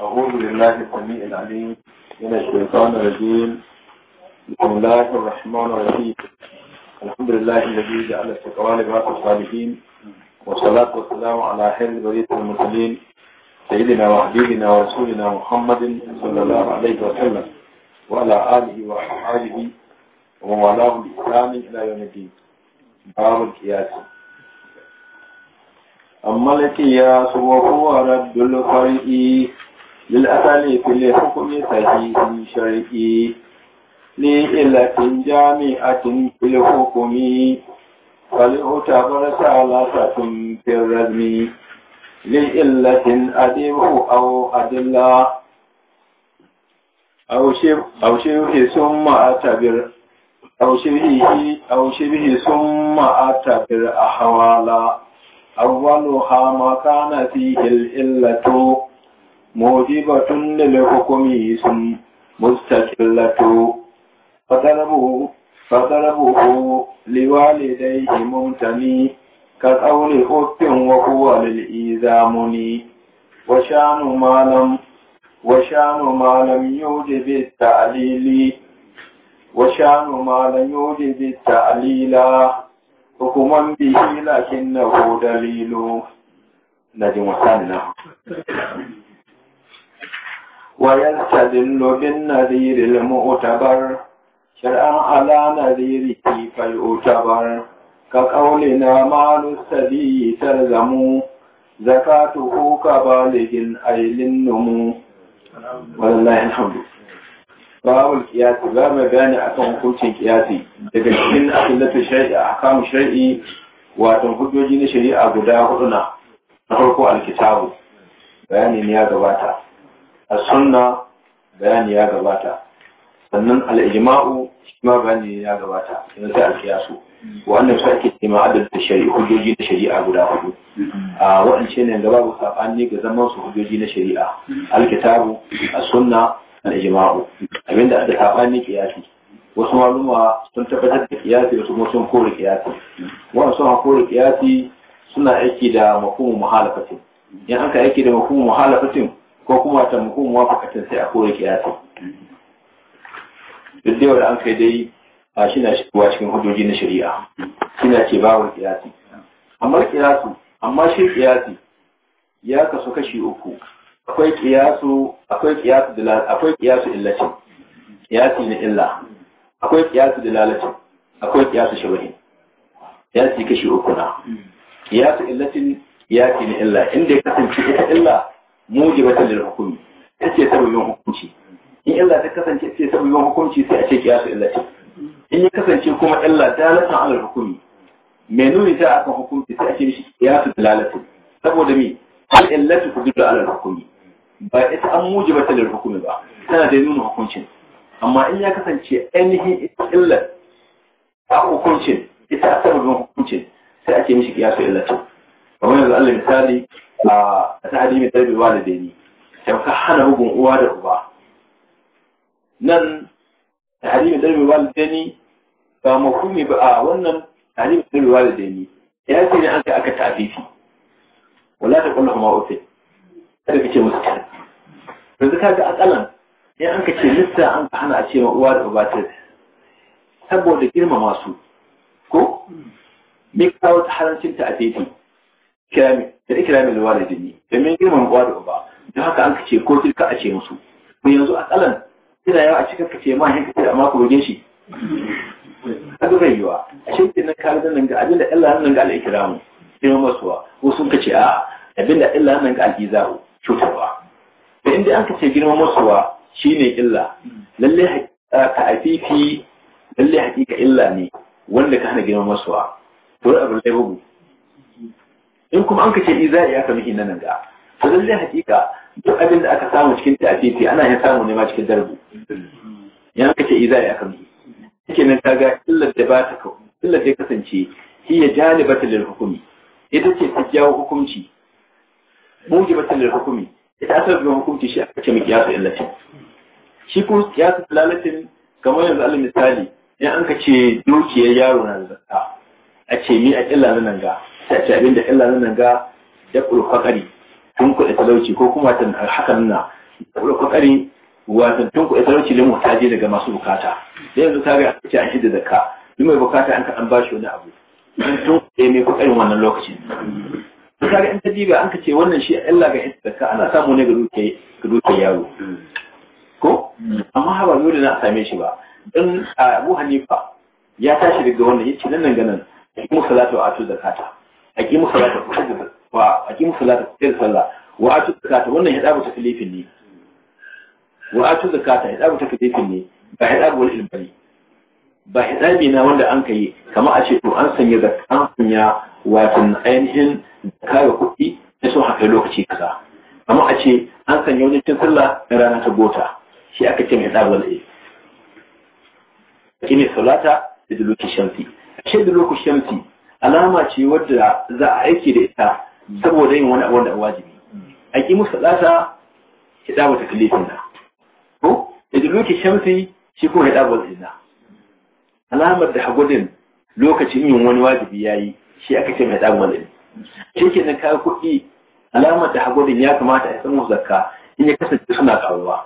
أعوذ بالله السميع العليم من الشيطان الرجيم بسم الله الرحمن الرحيم الحمد لله الذي جعل التقوى لباس الصالحين والصلاة والسلام على خير بريد المرسلين سيدنا وحبيبنا ورسولنا محمد صلى الله عليه وسلم وعلى آله وأصحابه ومن والاه الإسلام إلى يوم الدين باب القياس أما لك يا سوى هو رد الفريق للأصل كل حكم صحيح شرعي لعلة جامعة في الحكم فليعتبر ثلاثة في الرزم لعلة أدب أو أدلة أو شبه أو شبه ثم أعتبر أو شبهه أو شبه ثم أعتبر أحوالا أولها ما كان فيه الإلة موجبة للحكم ثم مستقلة فطلبه فطلبه لوالديه ممتني كقول أف وهو للإيزامني وشان ما لم وشان ما لم يوجب التعليل وشان ما لم يوجب التعليل حكما به لكنه دليل نجم وسلم ويستدل بالنذير المؤتبر شرعا على نذيره فيؤتبر كقولنا مال الثدي تلزم زكاته كبالغ أي للنمو ولله الحمد babu kiyasi za mu bayani akan hukuncin kiyasi daga cikin asillatu shari'a ahkamu shari'i wato hujjoji na shari'a guda hudu na na farko alkitabu bayani ne ya gabata as-sunna bayani ya gabata sannan al-ijma'u shi ma bayani ya gabata yanzu sai al-qiyasu wannan sai ake cewa adad da shari'a hujjoji na shari'a guda hudu a waɗance ne ga babu sabani ga zaman su hujjoji na shari'a al-kitabu as-sunna al-ijma'u abinda aka sabani qiyasi wasu maluma sun tabbatar da qiyasi wasu kuma sun kore qiyasi wannan sun kore qiyasi suna aiki da mafhumu muhalafatin in aka aiki da mafhumu muhalafatin ko kuma ta muhimmin wafakatan sai a kore kiyasi duk da an kai dai a shi na shigowa cikin hudoji na shari'a shi na ce bawon kiyasi amma kiyasu amma shi kiyasi ya kasu kashi uku akwai kiyasu akwai kiyasu da akwai kiyasu illacin kiyasi na illa akwai kiyasu da lalacin akwai kiyasu ya kiyasi kashi uku na kiyasu illacin kiyasi na illa inda ya kasance ita illa mujibatan lil hukmi take sababin hukunci in illa ta kasance sai sababin hukunci sai a ce kiyasu illa ce in ya kasance kuma illa dalatan alal hukumi, mai nuni ta akan hukunci sai a ce shi kiyasu dalalatu saboda me al illatu tudullu alal hukumi, ba ita an mujibata lil hukmi ba tana da nuna hukuncin amma in ya kasance ainihin illar a hukuncin ita a sababin hukuncin sai a ake mishi kiyasu illatu kamar yanzu Allah misali a sa'adi mai tarbi wa da dani ka hana bugun uwa da uba nan sa'adi mai tarbi wa da dani ba mafhumi ba a wannan ta mai tarbi wa da dani ya ce ne an kai aka tafifi wala ta kullu ma ufi kada kace musu ta yanzu kaga akalan in an kace lissa an ka hana a ce uwa da uba ta saboda girmama su ko me kawo ta harancin ta a titi kirami da ikramin walidayni da min girman uwa da uba don haka an kace ko tilka a ce musu mu yanzu a kalan ina yawa a cikin kace ma hin kace amma ku roge shi kaga bai yiwa a shi kenan ka ga nan ga abinda Allah nan ga al-ikramu sai mu masuwa ko sun kace a abinda Allah nan ga al-izaru cutarwa da inda an kace girman masuwa shine illa lalle ka afifi lalle hakika illa ne wanda ka hana girma masuwa to abin da bugu in kuma an kace iza'i aka mihi nan ga to lalle hakika duk abin da aka samu cikin ta'fifi ana ya samu ne ma cikin darbu yan kace iza'i aka mihi yake nan kaga illar da ba ta kawo illar da kasance hiya jalibatan lil hukumi ita ce ta jawo hukunci mujibatan lil hukumi ita ta ga hukunci shi aka ce mu kiyasu illatin shi ko kiyasu lalatin kamar yanzu alal misali in an ka ce dukiyar yaro na da zakka a ce mi a illa nan ga sace abin da illa nan ga da kulfakari tun kuɗe talauci ko kuma tun hakan na da kulfakari watan tun kuɗe talauci ne mutaje daga masu bukata da yanzu ka ga ce an shida zakka duk mai bukata an ka an bashi wani abu tun kuɗe mai kuɗarin wannan lokacin ka ga in ta diba an ka ce wannan shi illa ga hidda ka ana samu ne ga duke yaro ko amma haba dole na same shi ba dan Abu Hanifa ya tashi daga wannan yace nan nan ganan mu salatu atu zakata aqimu salata ku da wa aqimu salata ku da sallah zakata wannan ya dabu taklifin ne wa atu zakata ya dabu taklifin ne ba ya dabu wal ilmi ba hisabi na wanda an kai kamar a ce to an sanya da an sanya watan ainihin zakka kuɗi sai sun haka lokaci kaza amma a ce an sanya wani cin sallah na rana ta gota shi aka ce mai tsabar da shi ne salata da lokacin shamsi ashe dulukin shamsi alama ce wadda za a aiki da ita saboda yin wani abu da wajibi a ki musu salata ta kalifin da ko idan lokaci shamsi shi kuma ko hidabu ina. alamar da hagudin lokacin yin wani wajibi ya yi, shi aka ce mai hidabu wani shi ke nan kayan kuɗi alamar da hagudin ya kamata a samu zakka in ya kasance suna ƙaruwa.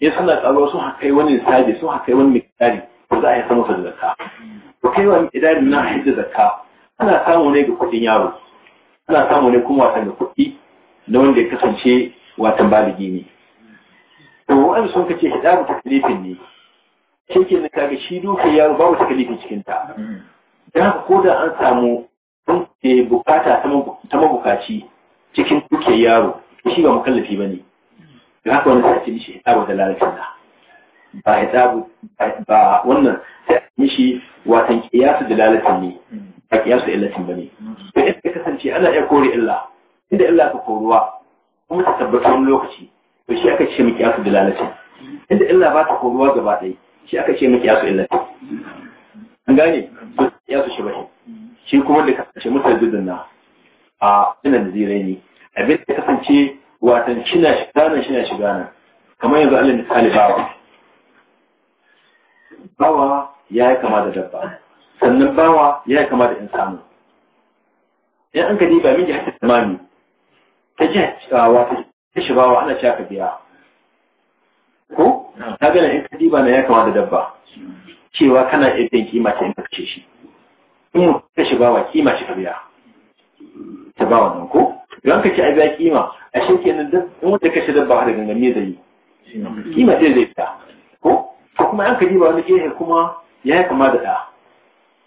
in suna ƙaruwa sun haƙai wani sabi sun hakai wani ƙari ko za a yi samu zakka Ko kai wani idari na da zakka ana samu ne ga kuɗin yaro ana samu ne kuma watan da kuɗi na wanda ya kasance watan baligi ne to wani sun kace ta kalifin ne shi ke na kaga shi duka yaro babu kalifin cikin ta dan ko da an samu sun ke bukata ta mabukaci cikin dukiyar yaro to shi ba mukallafi ba ne da haka wani sai mishi hidabu da lalacin da ba ba wannan sai mishi watan kiyasu da lalacin ne ba kiyasu illatin bane to in ka kasance ana iya kore illa inda illa ka koruwa kuma ta tabbata wani lokaci to shi aka ce mu kiyasu dalalatin inda illa ba ta koruwa gaba ɗaya shi aka ce mu kiyasu illatin an gane to su shi bashi shi kuma da kasance mutaddidin na a ina da zirai ne abin da kasance watan shina shiga nan shina shiga nan kamar yanzu alal misali bawa bawa ya yi kama da dabba sannan bawa ya kama da samu in an ka diba min jihar tamami ta jihar wata ta shi bawa ana shaka biya ko ta gana in ka diba na ya kama da dabba cewa kana irin kima ta in ka ce shi in ka shi bawa kima shi ka biya ta bawa nan ko don ka ce a biya kima a shi kenan in wata kashe dabba har gangan me zai yi kima sai zai fita ko kuma an ka diba wani gehe kuma ya kama da ɗaya.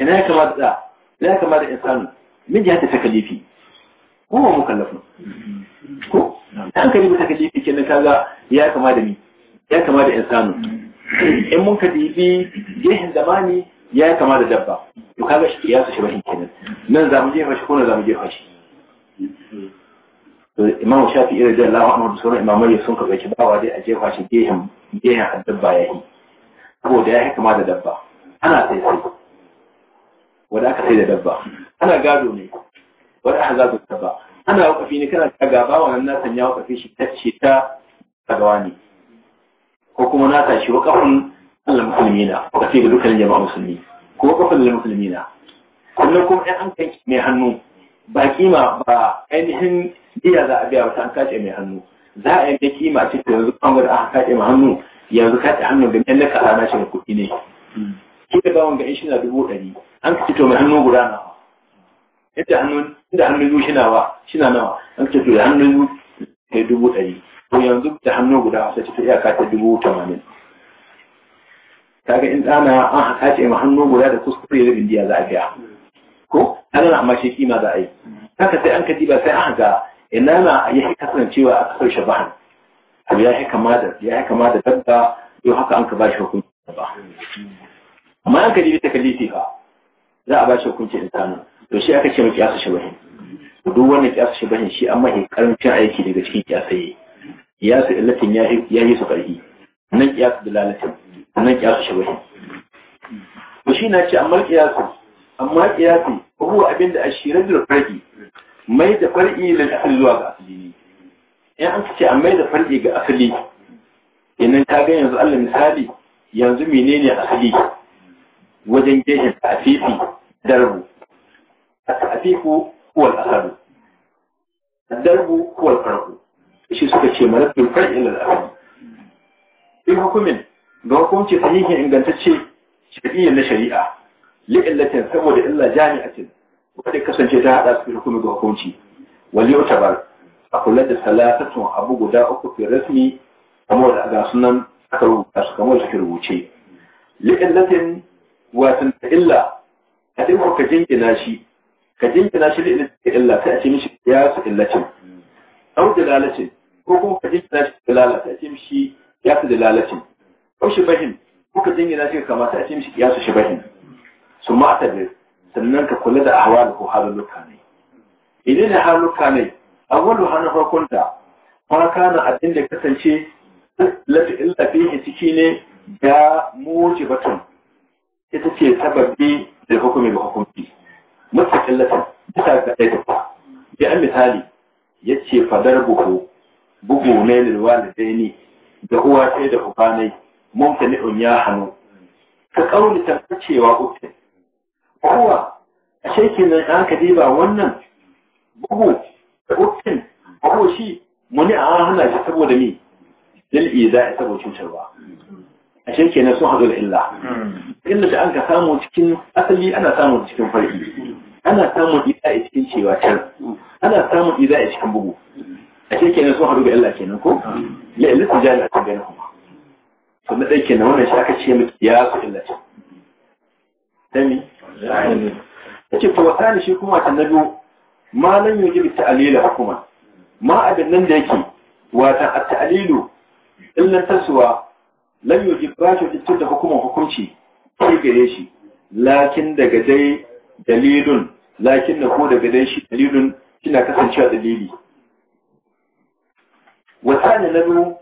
ina ya kamata da ina ya kamata insanu min jihati takalifi ko wa mukallafu ko an kari mata takalifi kenan kaga ya kamata da ni ya kamata da insanu in mun kadibi gehen zamani ya kamata da dabba to kaga shi ya su shabahin kenan nan za mu jefa shi ko nan za mu jefa shi imamu shafi irin da Allah Muhammadu sauran imamai sun kaga shi bawa dai a jefa shi gehen gehen dabba yayi saboda ya kamata da dabba ana sai sai wanda aka sai da dabba ana gado ne wanda aka gado dabba ana wakafi ne kana ta gaba wannan na sanya wakafi shi ta ce ta gagawa ne ko kuma na tashi wakafin Allah musulmi na wakafi ga dukkan jama'a musulmi ko wakafin Allah musulmi na kullum kuma ɗan an kai mai hannu ba kima ba ainihin iya za a biya wata an kace mai hannu za a yi da kima ce ta yanzu an gwada aka kace mai hannu yanzu kace hannu da mai naka rana shi kuɗi ne ki da bawon ga shi na dubu ɗari an kace to mai hannu guda nawa Yadda hannun inda hannu biyu shi nawa shi na nawa an kace to da hannu biyu kai dubu ɗari to yanzu da hannu guda sai ta iyaka ta dubu tamanin kaga in ɗana an haka ce ma hannu guda da kuskure da bindiya za a biya ko ana amma shi kima za a yi haka sai an ka ba sai an haka ina na ya fi kasancewa a kasar shabahan abu ya yi kama da ya yi kama da dabba yau haka an ka ba shi hukunci ba amma an ka jibi ta kalli fa za a shi hukuncin insani to shi aka ce mu shi shabahin duk wanda kiyasa shabahin shi amma in karancin aiki daga cikin kiyasaye kiyasu illatin ya yi su karfi nan kiyasu dalalatin nan kiyasu shabahin to shi na ce amma kiyasu amma kiyasi huwa abinda ashirin da farki mai da farki lil asali zuwa ga asali in an ce amma mai da farki ga asali idan ka ga yanzu Allah misali yanzu menene asali wajen geshin tafifi darbu tafifu huwal asadu darbu huwal farko shi suka ce malakul far'i lil asadi in hukumin ga hukunci sahihin ingantacce shari'in na shari'a li'illatin saboda illa jami'atin wanda kasance ta hada su hukumi ga hukunci wal bar a kula da talatatun abu guda uku fi rasmi kamar da ga sunan aka rubuta su kamar suke rubuce li'illatin watan illa a dai ka jingina shi ka jingina shi da illa sai a ce mishi ya su illacin au da lalacin ko kuma ka jingina shi da lalata a ce mishi ya su da lalacin au shi bahin ko ka jingina shi kama sai a ce mishi ya su shi bahin su ma'atabir sannan ka kula da ahwal ko halulluka ne idan da halukka ne awwalu hana farkon da farka na abin da kasance lafi illa fihi ciki ne da mujibatun ita ce sababbi da hukumi ga hukunci mustaqillatan bisa ga ɗaya ta bi an misali yace fadar buku bugu ne lil walidaini da uwa sai da ubanai mumtani'un ya hanu ka kauli ta cewa uku kowa a shekin nan an ka diba wannan bugu da uku bugu shi muni a hana shi saboda ni lil iza'i saboda cutarwa ashe kenan sun haɗu da illa hmm. illa da an ka samu cikin asali ana samu cikin farki ana samun ida a cikin cewa can ana samun ida a cikin bugu ashe kenan sun haɗu da illa kenan ko ya illa su jali a cikin ganin kuma to na ɗai na wannan shi ce miki ya su illa ce dami ta ce fa wasani shi kuma ta na biyu ma nan yau jibi ta'alila hukuma ma abin nan da yake wata a ta'alilu illan tasuwa lan yujib ba shi fitar da hukumar hukunci sai gare shi lakin daga dai dalilun lakin da ko daga dai shi dalilun kina kasancewa dalili wasani na biyu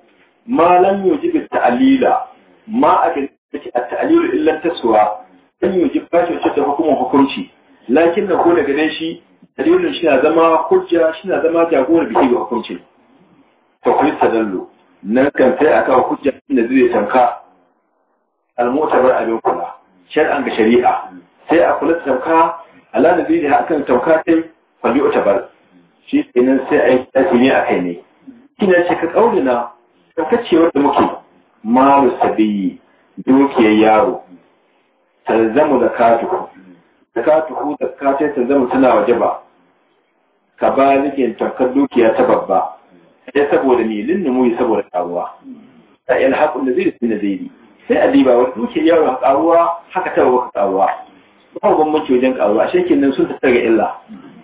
ma lan lam yujib ta'alila ma aka take a ta'alilu illa taswa lam yujib ba shi fitar da hukumar hukunci lakin da ko daga dai shi dalilun shi na zama hujja shi na zama jagorar biki ga hukuncin to kuma tadallu nan kan sai a kawo hujja da zai tamka a abin kula shar'an ga shari'a sai a kula tamka ala da zai akan tamka sai fali bar. shi kenan sai a yi ne a kai ne kina ce ka ka tsarkacewar da muke malu sabiyi dukiyar yaro talzamu da katuku da katuku da kace talzamu suna waje ba ka ba nake tamkar dukiya ta babba sai saboda ne yi saboda karuwa ta da zai da zai sai a diba wa duke yawan ƙaruwa, haka ta wa ƙaruwa ba bambanci wajen karuwa ashe nan sun ta ga illa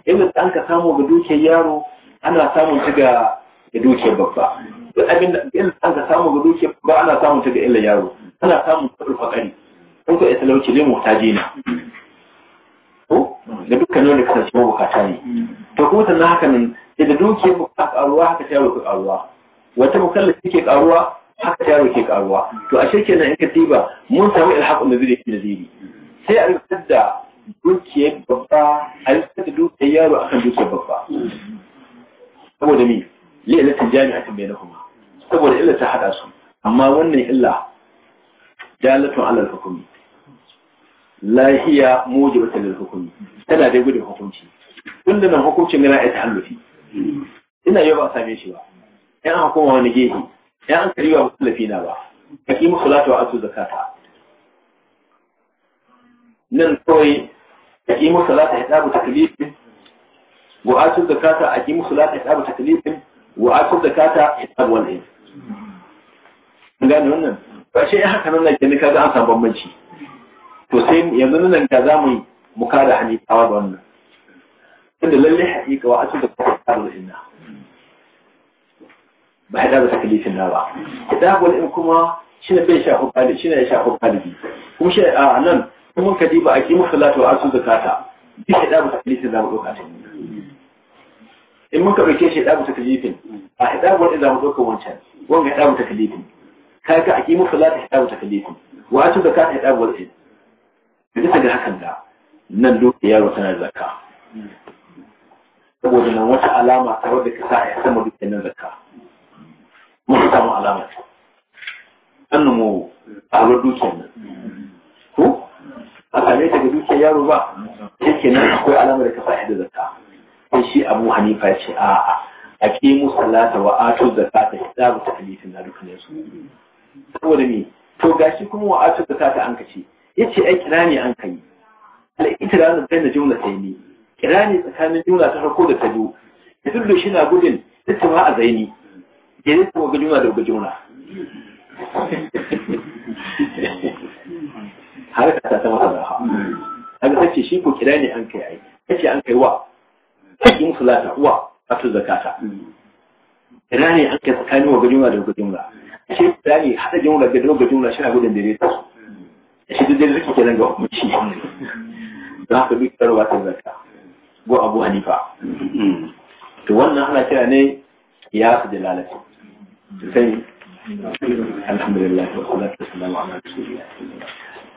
illa an ka samu ga duke yaro ana samun ta ga duke babba duk abin da illa an ka samu ga duke babba ana samun ta ga illa yaro ana samun kudin fakari ko ko isa ne muhtaji ne ko da dukkan wanda kasance mabukata ne to kuma sannan haka nan da duke babba ƙaruwa, haka ta yaro ƙaruwa wata mukallafi ke karuwa haka yaro ke karuwa to a shirke nan in ka diba mun samu ilhaqun da zai da zai sai a rikar da dukiyar babba a rikar da yaro akan dukiyar babba saboda me li'ilatin na bainahuma saboda illa ta hada su amma wannan illa dalatun alal hukumi lahiya mujibatan lil hukumi tana da gudun hukunci da nan hukuncin gana ya ta'allufi ina yau ba a same shi ba yan hukuma wani gehe ya an kariya wa lafina na ba ka ki musu lati wa asu zakata nan kawai ka ki musu lati ya tabu taklifin wa asu zakata a ki musu lati ya tabu taklifin wa asu zakata ya tabu wani an gane wannan ba shi ya haka nan na kenan kaga an samu bambanci to sai yanzu nan ka za mu yi mu kada hannu tawa da wannan tunda lalle haƙiƙa wa asu zakata ta da inna ba ya da takalifin na ba da wani in kuma shi ne bai shafi galibi shi ne ya shafi kuma shi a nan kuma ka diba a kima salatu wa asu zakata duk ya da takalifin za mu ɗauka in muka ɗauke shi ya da takalifin a ya da wani za mu ɗauka wancan wanga ya da takalifin Ka a kima salatu ya da takalifin wa asu zakata ya da wani bisa ga hakan da nan dole yaro tana zakka saboda nan wata alama ta wadda ka sa ya sama dukkanin zakka mun samu alama an mu ƙaruwar dukiyar nan ko a kame daga dukiyar yaro ba Ke nan akwai alamar da ka fa'i da zakka sai shi abu hanifa ce a'a a ke ƙimu salata wa ta zakata hisabu ta halittin na dukkanin su saboda me to gashi kuma wa ato zakata an Ya ce ai kira ne an kai al-itiranu bayna jumlatayn kira ne tsakanin jumla ta farko da ta biyu yadullu shi na gudun ittiba a zaini jadi ku ga juna da ga juna har ka ta masa da ha haka shi ko kira ne an kai ai tace an kai wa kai musu wa wato zakata kira ne an kai tsakanin wa ga juna da ga juna shi kira ne hada juna da ga juna shi na gudun dare ta shi duk dare kike nan ga mutunci don haka duk tsarwa ta zakata go abu hanifa hmm. to wannan ana kira ne ya su dalalati الحمد لله والصلاه والسلام على رسول الله